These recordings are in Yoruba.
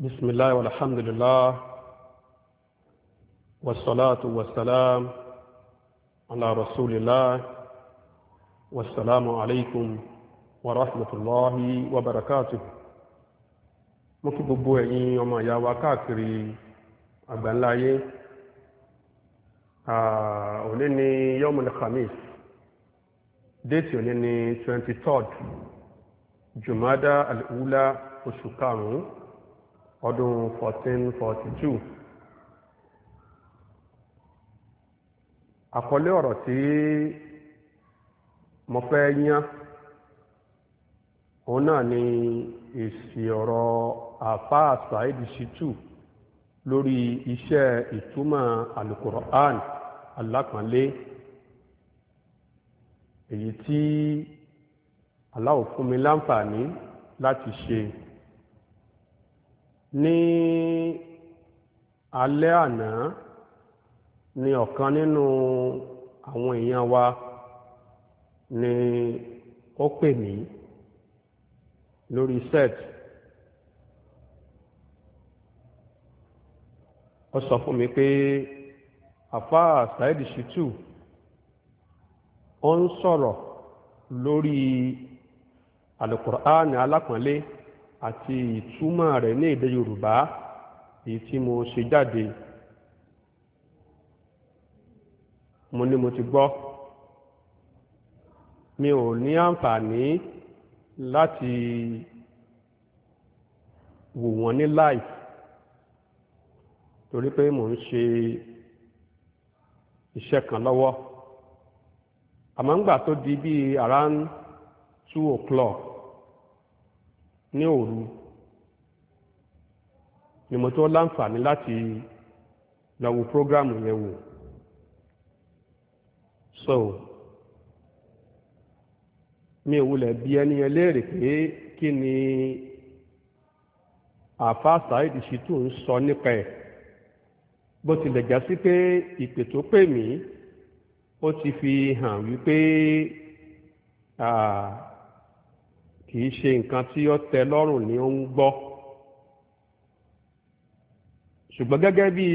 بسم الله والحمد لله والصلاة والسلام على رسول الله والسلام عليكم ورحمة الله وبركاته mo kí gbogbo ẹ̀yin ọmọ ìyá wa káàkiri àgbáńlá ayé òní ni yomul khamis déètì òní ni twenty third jumada al-ula oṣù karùn-ún ọdún 1442 àkọlé ọ̀rọ̀ tí mo fẹ́ yán òun náà ni èsì ọ̀rọ̀ àfáà Saheed Shittu lórí iṣẹ́ ìtumọ̀ alukur'an alápọ̀nlé èyí tí Allah fún mi láǹfààní láti ṣe. ní alẹ́ àná ni ọ̀kan nínú àwọn èèyàn wa ni ó pè mí lórí set ó sọ fún mi pé àfáà Saheed Shittu ó ń sọ̀rọ̀ lórí alukur'an alápọ̀nlé. Al àti ìtumọ̀ rẹ̀ ní èdè Yorùbá èyí tí mo ṣe jáde mo ní mo ti gbọ́ mi ò ní àǹfààní láti wò wọ́n ní live torí pé mò ń ṣe iṣẹ́ kan lọ́wọ́ àmọ́ ńgbà tó di bíi around two o'clock ní òru ni mo tó láǹfààní láti lọ wo prógrámù yẹn wò so mi ò wulẹ̀ bí ẹni yẹn pé kí ni àáfàá Saheed Shittu ń sọ nípa ẹ̀ bó tilẹ̀ já sí pé ìpè tó pè mí ó ti fi hàn wípé kì í ṣe nǹkan tí ó tẹ lọ́rùn ni ó ń gbọ́ ṣùgbọ́n gẹ́gẹ́ bí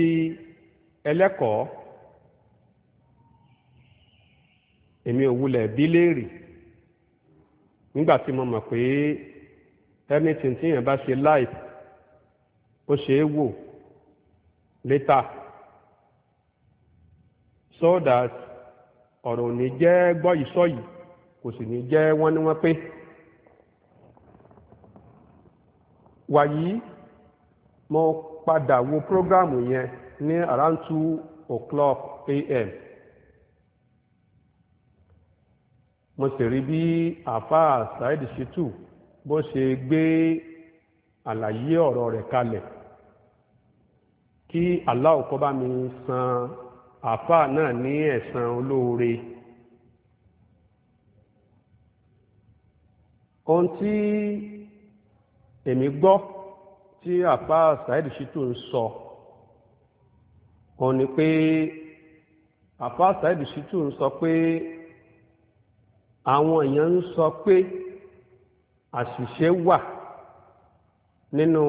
ẹlẹ́kọ̀ọ́ èmi ò wulẹ̀ bí léèrè nígbà tí mo mọ̀ pé anything tí èèyàn bá ṣe live ó ṣe é wò later so that ọ̀rọ̀ ò ní jẹ́ gbọ́ ìsọ yìí kò sì ní jẹ́ wọ́n ní wọ́n pé. wàyí mo padà wo prógrámù yẹn ní around two o'clock a.m. mo sì rí bí àáfàá Saheed Shittu bó ṣe gbé àlàyé ọ̀rọ̀ rẹ̀ kalẹ̀ kí Allah kó bá mi san àáfàá náà ní ẹ̀san olóore. ohun tí èmi gbọ́ tí àpá saheed shitu ń sọ òun ni pé àpá saheed shitu ń sọ pé àwọn èèyàn ń sọ pé àṣìṣe wà nínú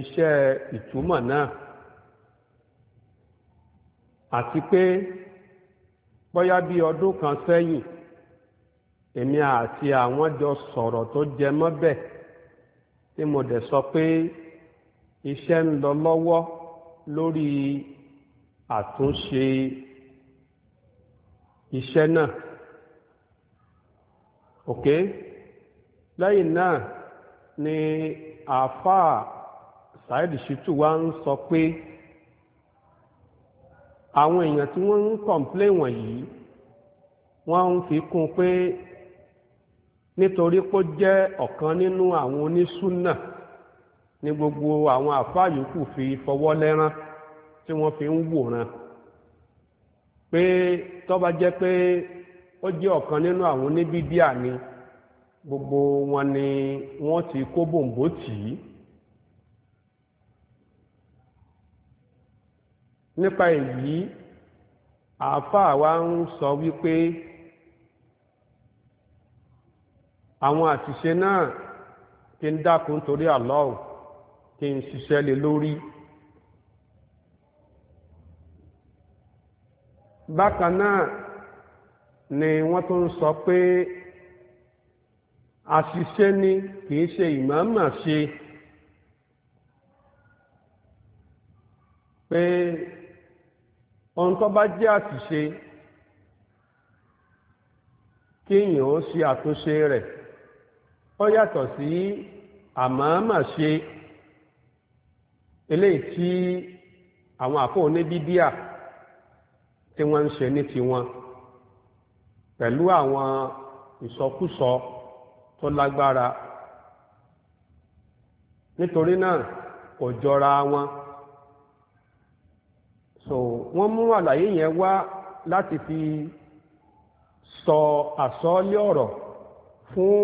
iṣẹ́ ìtumọ̀ náà àti pé bóyá bí ọdún kan sẹ́yìn èmi àti àwọn jọ sọ̀rọ̀ tó jẹ mọ́ bẹ́ẹ̀ tí mo dẹ̀ sọ pé iṣẹ́ ń lọ lọ́wọ́ lórí àtúnṣe iṣẹ́ náà ok lẹ́yìn náà ni àáfàá Saheed Shittu wa ń sọ pé àwọn èèyàn tí wọ́n ń kọ̀ǹplé wọ̀nyí wọ́n ń fi kún pé nítorí pé ó jẹ́ ọ̀kan nínú àwọn onísúnà ní gbogbo àwọn àfáà yòókù fi fọwọ́ lẹ́rán tí wọ́n fi ń wòran pé tó bá jẹ́ pé ó jẹ́ ọ̀kan nínú àwọn oníbídíà ni gbogbo wọn ni wọ́n ti kó bòǹbò tì í. nípa èyí àáfàá wa ń sọ wípé. àwọn àṣìṣe náà kí n dákun torí Allah kí n ṣiṣẹ́ lé lórí. bákan náà ni wọ́n tún sọ pé àṣìṣe ni kì í ṣe ìmọ̀ọ́mọ̀ ṣe pé ohun tó bá jẹ́ àṣìṣe kéèyàn ó ṣe àtúnṣe rẹ̀ ó yàtọ̀ sí àmàmà ṣe eléyìí tí àwọn àpò oníbídíà tí wọ́n ń ṣe ní tiwọn pẹ̀lú àwọn ìsọkúsọ tó lágbára nítorí náà kò jọra wọn so wọ́n mú àlàyé yẹn wá láti fi sọ àsọlé ọ̀rọ̀ fún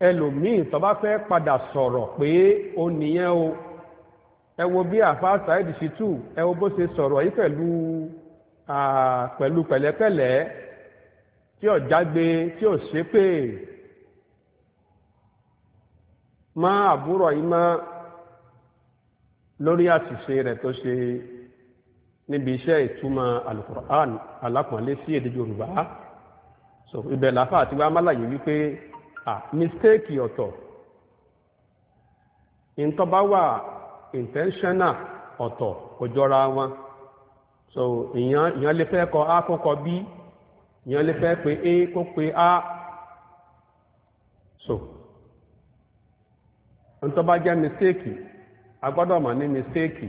ẹlòmíì tó bá fẹ́ padà sọ̀rọ̀ pé ó nìyẹn o ẹ wo bí àfa Saheed Shittu ẹ wo bó ṣe sọ̀rọ̀ yìí pẹ̀lú pẹ̀lú pẹ̀lẹ́pẹ̀lẹ́ tí ò jágbe tí ò ṣépè má àbúrò yìí má lórí àṣìṣe rẹ̀ tó ṣe níbi iṣẹ́ ìtumọ̀ alukur'an alápọ̀nlé sí èdè Yorùbá so ibẹ̀ làfà àti wàá málàyé wípé. a mistake ọ̀tọ̀ ntọ́ba wà intentional ọ̀tọ̀ kò wọn so ìyàn lè kọ a kó b ìyàn lè pe a kó pe a so ntọba jẹ́ mistake agbọ́dọ̀ mọ̀ ní mistake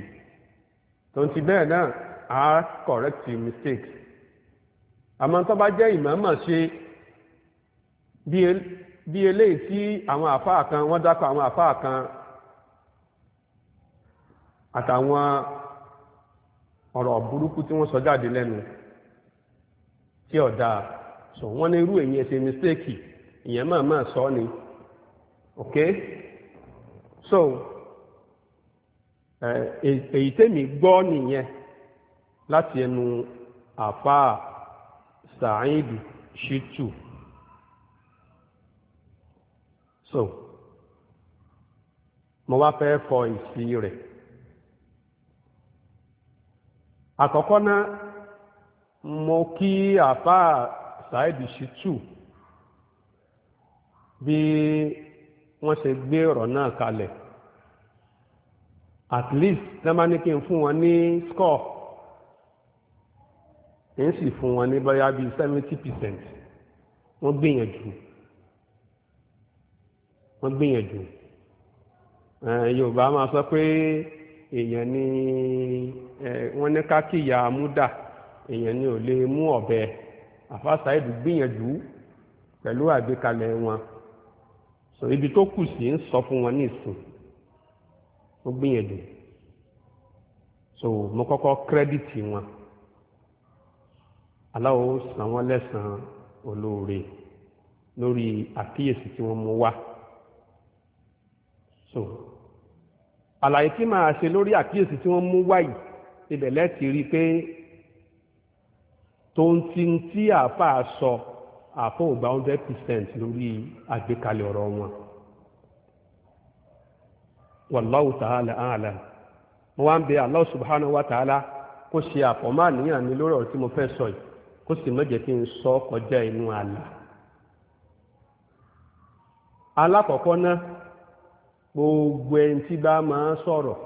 tó ń ti bẹ́ẹ̀ náà a correct mistake àmọ́ ntọ́ba jẹ́ ìmọ̀ọ́mọ̀ ṣe bí bí eléyìí tí àwọn àfáà kan wọ́n dákọ̀ àwọn àfáà kan àtàwọn ọ̀rọ̀ burúkú tí wọ́n sọ jáde lẹ́nu tí ọ̀dà sọ wọ́n ní irú èyí ẹ̀ṣẹ̀ mistake ìyẹn máa máa sọ ni ok so èyí tèmi gbọ́ nìyẹn láti ẹnu àfáà Sàáìdù Ṣítù so mo wá fẹ́ fọ ìsí rẹ̀ àkọ́kọ́ náà mo kí àfáà Saidi Shittu bí wọ́n ṣe gbé ọ̀rọ̀ náà kalẹ̀ at least lẹ́mà ní kí n fún wọn ní score ń sì fún wọn ní bóyá bíi seventy percent wọ́n gbìyànjú wọ́n gbìyànjú yorùbá máa sọ pé èèyàn ni wọ́n ní ká kíyà múdà èèyàn ni ò lè mú ọ̀bẹ àfàṣàìdù gbìyànjú pẹ̀lú àgbékalẹ̀ wọn sọ ibi tó kù sí ń sọ fún wọn ní ìsìn ó gbìyànjú so mo kọ́kọ́ kírẹ́dìtì wọn aláwo san wọn lẹ́sàn-án olóore lórí àkíyèsí tí wọ́n mú wá. so àlàyé tí màá ṣe lórí àkíyèsí tí wọ́n mú wáyì ibẹ̀ lẹ́tì rí i pé àáfàá sọ àáfàá ò gba hundred percent lórí àgbékalẹ̀ ta'ala mo wá ń bẹ wa ta'ala kó ṣe àfọ̀mọ́ àníyàn mi lórí ọ̀rọ̀ mo fẹ́ sọ yìí kó sì n sọ kọjá inú àlà alákọ̀ọ́kọ́ gbogbo ẹni tí bá máa sọ̀rọ̀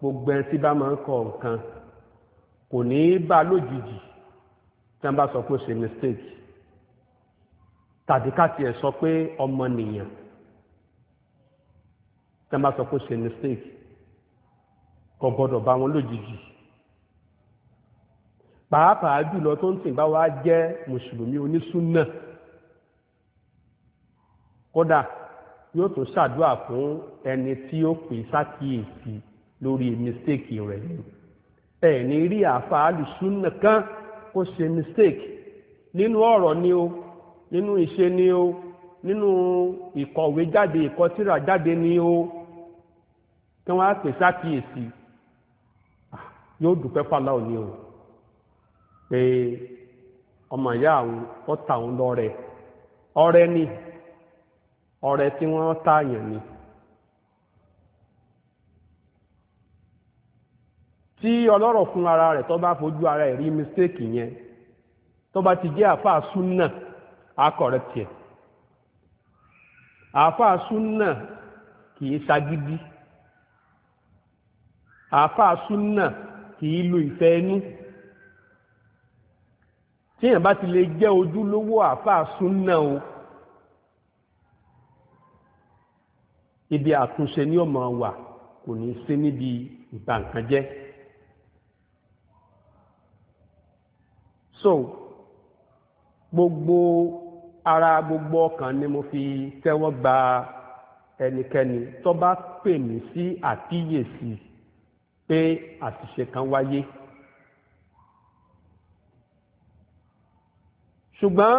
gbogbo ẹni tí bá máa kọ nǹkan kò ní í bá lójijì tí wọ́n bá sọ pé ó ṣe mistake tàbí ká tiẹ̀ sọ pé ọmọnìyàn tí wọ́n bá sọ pé ó ṣe mistake kò gbọ́dọ̀ bá wọn lójijì pàápàá jùlọ tó ń tì bá wa jẹ́ mùsùlùmí onísùnnà kódà yóò tún ṣàdúrà fún ẹni tí ó pè sákìyèsí lórí mistake rẹ̀ ni ẹ̀ ní rí àfa alùsùnà kan kó ṣe mistake nínú ọ̀rọ̀ ni o nínú ìṣe ni o nínú ìkọ̀wé jáde ìkọtíra jáde ni o kí wọ́n á pè sákìyèsí yóò dúpẹ́ fàlà òní o pé ọmọ ìyá àwọn ọ̀tà òun lọ rẹ̀ ọ̀rẹ́ ni ọrẹ tí wọ́n tààyàn ni tí ọlọ́rọ̀ fún ara rẹ̀ tó bá fojú ara rí mistake yẹn tó bá ti jẹ́ àfáà súnà akọ̀rẹ́ tiẹ̀ àfáà súnà kìí ṣagídí àfáà súnà kìí lu ìfẹ́ inú tíyàn bá ti lè jẹ́ ojúlówó àfáà súnà o. ibi àtúnṣe ni ó máa wà kò ní sí níbi ìbà nǹkan jẹ́. so gbogbo ara gbogbo ọkàn ni mo fi tẹ́wọ́ gba ẹnikẹ́ni tó bá pè mí sí àkíyèsí pé àṣìṣe kan wáyé. ṣùgbọ́n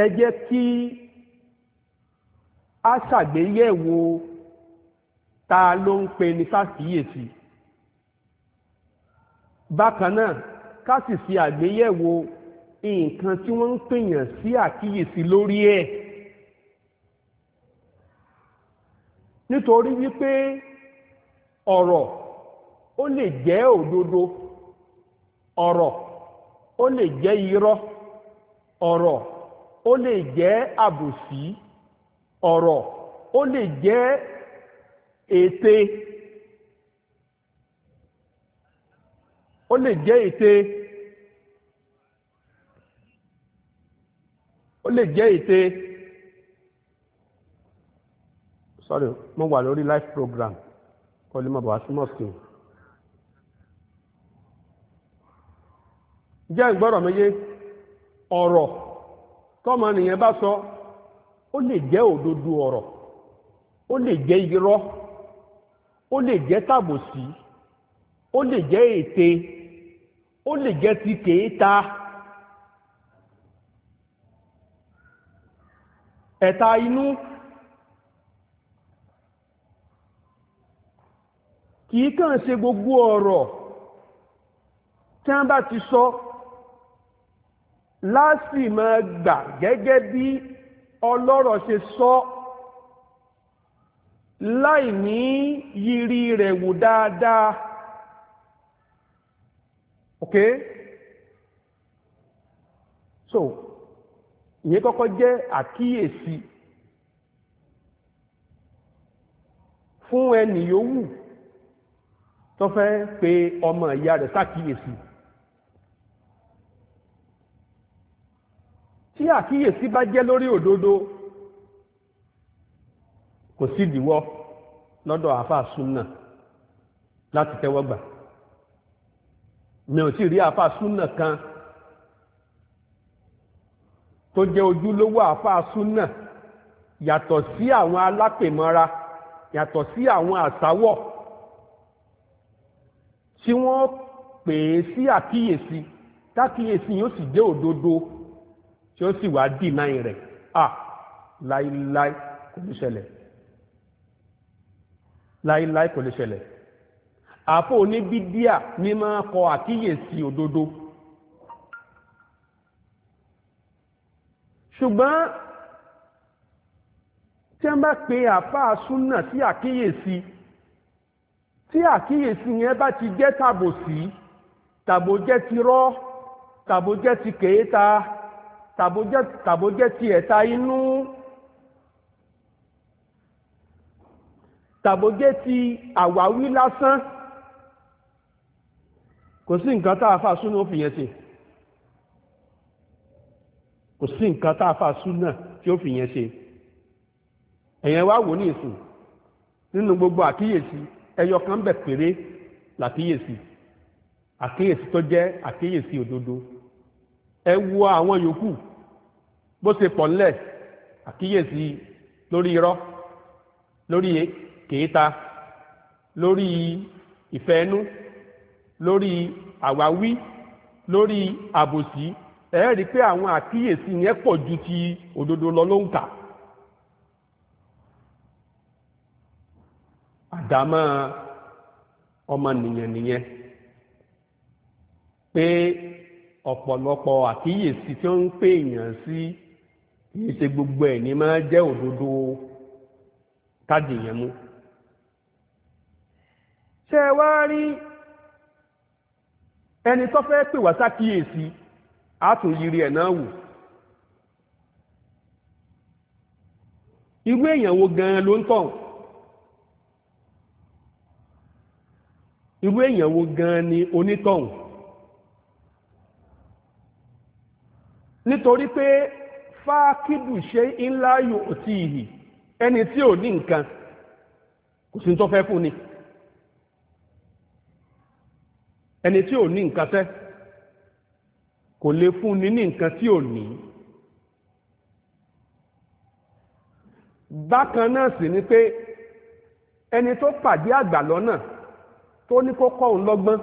ẹ jẹ́ kí a ṣàgbéyẹ̀wò ta ló ń pe ní ṣàkíyèsí bákan náà ká sì fi àgbéyẹ̀wò nǹkan tí wọ́n ń pèèyàn sí àkíyèsí lórí ẹ̀ nítorí wípé ọ̀rọ̀ ó lè jẹ́ òdodo ọ̀rọ̀ ó lè jẹ́ irọ́ ọ̀rọ̀ ó lè jẹ́ àbòsí ọ̀rọ̀ ó lè jẹ́ ète ó lè jẹ́ ète ó lè jẹ́ ète sorry mo wà lórí life program kọ́lé jẹ́ ìgbọ́rọ̀ ọ̀rọ̀. tọ́mọ nìyẹn bá sọ ó lè jẹ́ òdodo ọ̀rọ̀ ó lè jẹ́ irọ́ ó lè jẹ́ tàbòsí ó lè jẹ́ ète ó lè jẹ́ ti kèéta ẹ̀ta inú kìí kàn ṣe gbogbo ọ̀rọ̀ tí wọ́n bá ti sọ. So, láàsì máa gbà gẹ́gẹ́ bí ọlọ́rọ̀ ṣe sọ láì ní yiri rẹ̀ wò dáadáa ok so ìyẹn kọ́kọ́ jẹ́ àkíyèsí fún ẹnì yòówù tó fẹ́ pe ọmọ ìyá rẹ̀ ṣàkíyèsí. Si tí àkíyèsí bá jẹ́ lórí òdodo kò sí ìdíwọ́ lọ́dọ̀ àáfàá súnà láti tẹ́wọ́ gbà mi ò sì rí àáfàá súnà kan tó jẹ́ ojúlówó àáfàá súnà yàtọ̀ sí àwọn alápèmọ́ra yàtọ̀ sí àwọn àsáwọ̀ tí wọ́n pè é sí àkíyèsí tákíyèsí yóò sì jẹ́ òdodo tí ó sì wá dì náà rẹ̀ à láíláí kò lè ṣẹlẹ̀ láíláí kò lè ṣẹlẹ̀ àpò oníbídíà ní máa kọ àkíyèsí òdodo ṣùgbọ́n tí wọ́n bá pe àfáà súnà sí àkíyèsí tí àkíyèsí yẹn bá ti jẹ́ tàbòsí tàbò jẹ́ ti rọ́ tàbò jẹ́ ti kèéta tàbójẹ́ ti ẹ̀ta inú tàbójẹ́ ti àwáwí lásán kò sí nǹkan tá a fà súnú ó fi yẹn ṣe kò sí nǹkan tá a fà súnà tí ó fi yẹn ṣe ẹ̀yẹn wá wò ní ìsìn nínú gbogbo àkíyèsí ẹyọ kan bẹ̀ péré làkíyèsí àkíyèsí tó jẹ́ àkíyèsí òdodo ẹ wo àwọn yòókù bó ṣe pọ̀ ńlẹ̀ àkíyèsí lórí irọ́ lórí kèéta lórí ìfẹ́nú lórí àwáwí lórí àbòsí ẹ rí pé àwọn àkíyèsí yẹn pọ̀ ju ti òdodo lọ ló ń kà àdámọ́ ọmọnìyàn nìyẹn pé ọ̀pọ̀lọpọ̀ àkíyèsí tí ń pè èèyàn sí. Si, yìí ṣe gbogbo ẹ̀ ní máa jẹ́ òdodo káàdì yẹn mú. ṣé ẹ wá rí ẹni tó fẹ́ pè wá sákìyèsí àtúnyìírí ẹ̀ náà wò. irú èèyàn wo gan-an ló ń tàn irú èèyàn wo gan-an ni onítọ̀hún nítorí pé fákìdù ṣe ńlá yòó tí ìhì ẹni tí ò ní nǹkan kò sí tó fẹ́ fún ni ẹni tí ò ní nǹkan fẹ́ kò lè fún ni ní nǹkan tí ò ní bákan náà sì ni pé ẹni tó pàdé àgbà lọ́nà tó ní kó kọ́ òun lọ́gbọ́n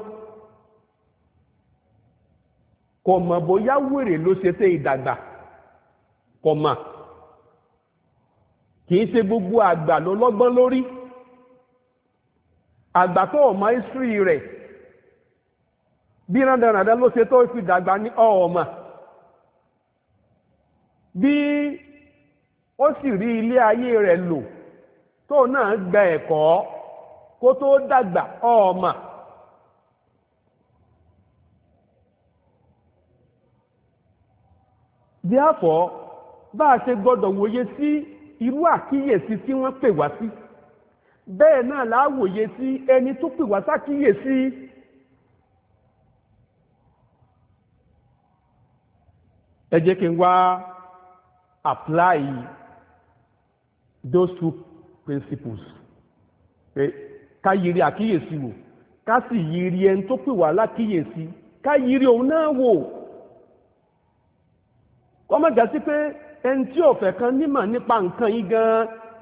kò mọ̀ bóyá wèrè ló ṣe tẹ́ ìdàgbà. kọ̀mà kìí ṣe gbogbo àgbà ló lọ́gbọ́n lórí àgbà tó ọmọ ìsírí rẹ̀ bí rádaràdá ló ṣe tó fi dàgbà ní ọ̀ọ̀mà bí ó sì rí ilé ayé rẹ̀ lò tó náà gba ẹ̀kọ́ kó tó dàgbà ọ̀ọ̀mà. therefore bá a ṣe gbọ́dọ̀ wòye sí irú àkíyèsí tí wọ́n pè wá sí bẹ́ẹ̀ náà wòye sí ẹni tó pè wá sákíyèsí ẹ jẹ́ kí n wá apply those two principles pé ká yiri àkíyèsí wò ká sì yiri ẹni tó pè wá lákíyèsí ká yiri òun náà wò kọ́mọ̀gá sí pé ẹni tí ò fẹ́ kan nímọ̀ nípa nǹkan yìí gan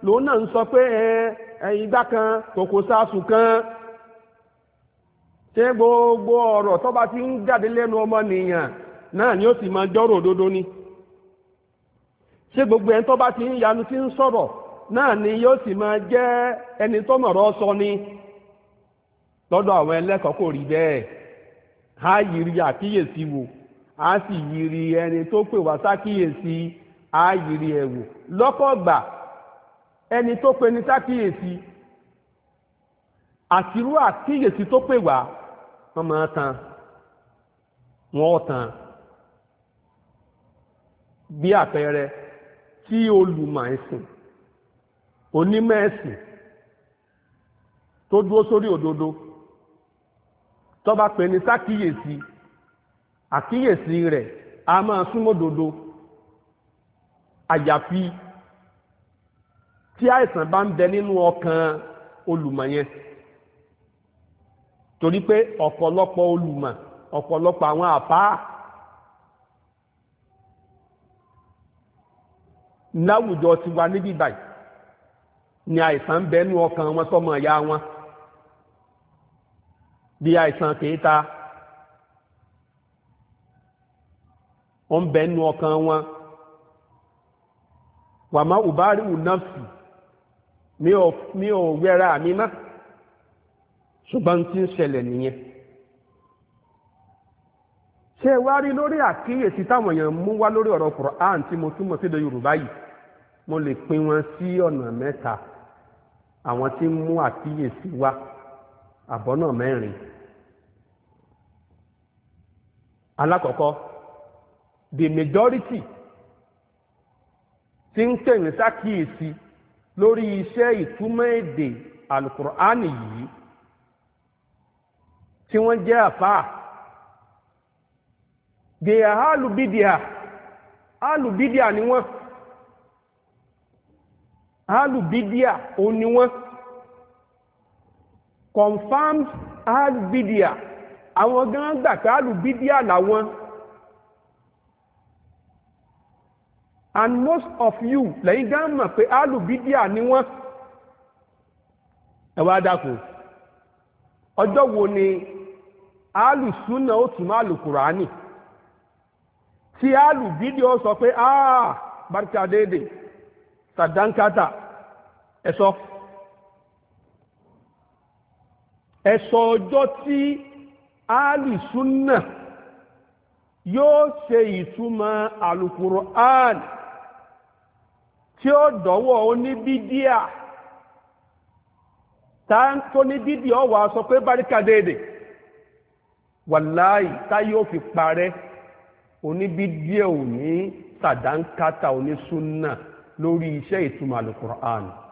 lòun náà ń sọ pé ẹyin gbá kan kòkò sáàsù kan ṣé gbogbo ọ̀rọ̀ tó bá ti ń jáde lẹ́nu ọmọnìyàn náà ni ó sì máa jọ́rò òdodo ni ṣé gbogbo ẹni tó bá ti ń yanu ti ń sọ̀rọ̀ náà ni yóò sì máa jẹ́ ẹni tó sọ ni lọ́dọ̀ àwọn ẹlẹ́kọ̀ọ́ kò rí bẹ́ẹ̀ á yiri àkíyèsí wo á sì yiri ẹni tó pè wá sákíyèsí. ààyèrè ẹ̀wò lọ́pọ̀ gbà ẹni tó pe ní sákìyèsí àtirú àkíyèsí tó pè wá wọ́n máa tan wọ́n ó tan bí àpẹẹrẹ tí olùmọ̀ ẹ̀sìn onímọ̀ ẹ̀sìn tó dúró sórí òdodo tó bá ní sákìyèsí àkíyèsí rẹ̀ a máa súnmọ́ òdodo àyàfi tí àìsàn bá ń bẹ nínú ọkàn olùmọ̀ yẹn torí pé ọ̀pọ̀lọpọ̀ olùmọ̀ ọ̀pọ̀lọpọ̀ àwọn àfáà láwùjọ ti wà níbí báyìí ni àìsàn ń bẹ nínú ọkàn wọn sọmọ ìyá wọn bí àìsàn kèéta ó ń bẹ nínú ọkàn wọn wàmá ubari unafsi mi ò mi ò wẹ́ra mi má ṣùgbọ́n tí ń ṣẹlẹ̀ nìyẹn ṣé ẹ wá rí lórí àkíyèsí táwọn èèyàn mú wá lórí ọ̀rọ̀ Qur'an tí mo túmọ̀ sílẹ̀ Yorùbá yìí mo lè pín wọn sí ọ̀nà mẹ́ta àwọn tí ń mú àkíyèsí wá àbọ̀nà mẹ́rin alákọ̀ọ́kọ́ the majority tí ń pè mí sákìyèsí lórí iṣẹ́ ìtumọ̀ èdè alukur'ani yìí tí wọ́n jẹ́ àfáà dèyà alùbídìà alùbídìà ni wọ́n alùbídìà ò ní wọ́n confirmed alùbídìà àwọn gan gbà pé alùbídìà làwọn. and most of you lẹ́yìn gan mọ̀ pé alùbídíà ni wọ́n ẹ wá dákun ọjọ́ wo ni alùsúnà ó túmọ̀ alùkùránì tí alùbídíà sọ pé ah barika déédé sàdánkátà ẹ sọ ẹ sọ ọjọ́ tí alùsúnà yóò ṣe ìtumọ̀ alùkùránì. tí ó dọ́wọ́ oníbídíà tó ní bídí wà sọ pé báríkà déédé wàláì tá yóò fi parẹ́ oníbídíà ò ní sàdánkátà onísúnnà lórí iṣẹ́ ìtumọ̀ àlùkùránì